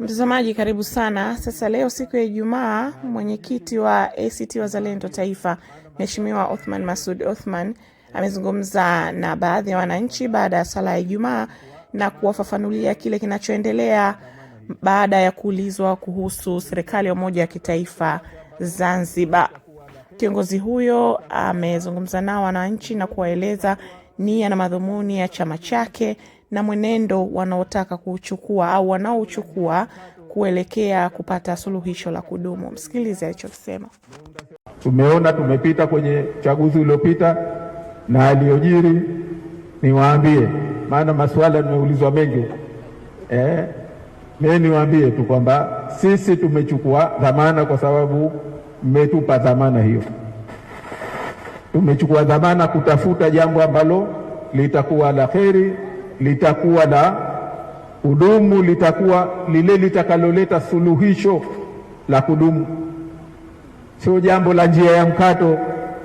Mtazamaji karibu sana. Sasa leo siku ya Ijumaa, mwenyekiti wa ACT Wazalendo Taifa, Mheshimiwa Othman Masud Othman amezungumza na baadhi ya wananchi baada ya sala ya Ijumaa na kuwafafanulia kile kinachoendelea baada ya kuulizwa kuhusu serikali ya umoja wa kitaifa Zanzibar. Kiongozi huyo amezungumza nao wananchi na kuwaeleza nia na madhumuni ya chama chake na mwenendo wanaotaka kuuchukua au wanaouchukua kuelekea kupata suluhisho la kudumu. Msikilize alichosema. Tumeona tumepita kwenye uchaguzi uliopita na aliyojiri, niwaambie, maana masuala nimeulizwa mengi eh, mimi niwaambie tu kwamba sisi tumechukua dhamana, kwa sababu mmetupa dhamana hiyo. Tumechukua dhamana kutafuta jambo ambalo litakuwa la kheri, litakuwa la kudumu, litakuwa lile litakaloleta suluhisho la kudumu, sio jambo la njia ya mkato,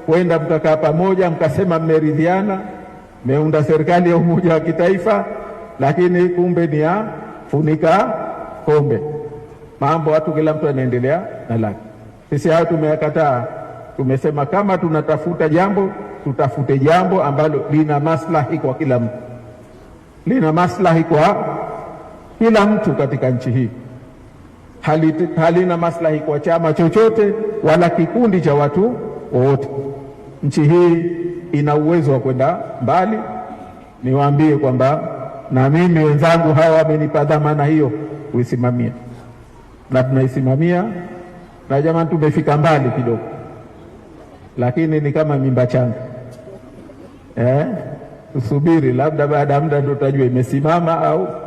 kwenda mkakaa pamoja mkasema mmeridhiana, mmeunda serikali ya umoja wa kitaifa, lakini kumbe ni ya funika kombe, mambo watu, kila mtu anaendelea na lake. Sisi hayo tumeyakataa. Tumesema kama tunatafuta jambo tutafute jambo ambalo lina maslahi kwa kila mtu, lina maslahi kwa kila mtu katika nchi hii, halina maslahi kwa chama chochote wala kikundi cha watu wowote. Nchi hii ina uwezo wa kwenda mbali. Niwaambie kwamba na mimi wenzangu hawa wamenipa dhamana hiyo kuisimamia, na tunaisimamia. Na jamani, tumefika mbali kidogo lakini ni kama mimba changa eh? Tusubiri labda baada ya muda ndio tutajua imesimama au